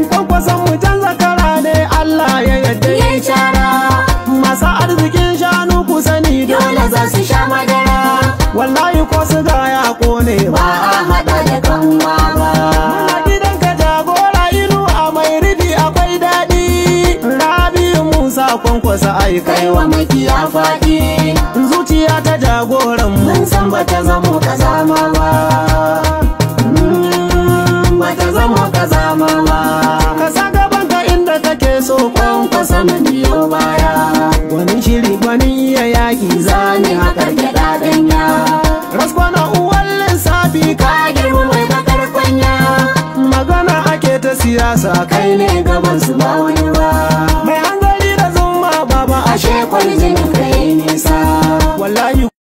kwankwason can zakara ne Allah ya yadda ya shara masu arzikin shanu ku sani dole za su sha madara wallahi ko su ga ya kone ba a haɗa da kanwa ba gidan ka jagora ilu a mai ribi akwai daɗi rabi musa kwankwasa ai kaiwa makiya zuciya ta jagoran mun san bata ka kazama ba za biyo baya wani shiri wani ya yaki za ni haƙar gyaɗa ɗanya raskwana uwar lissafi ka girma mai bakar kwanya magana ake ta siyasa kai ne gaban su ba wani ba mai hanzari da zuma baba ashe kwaljini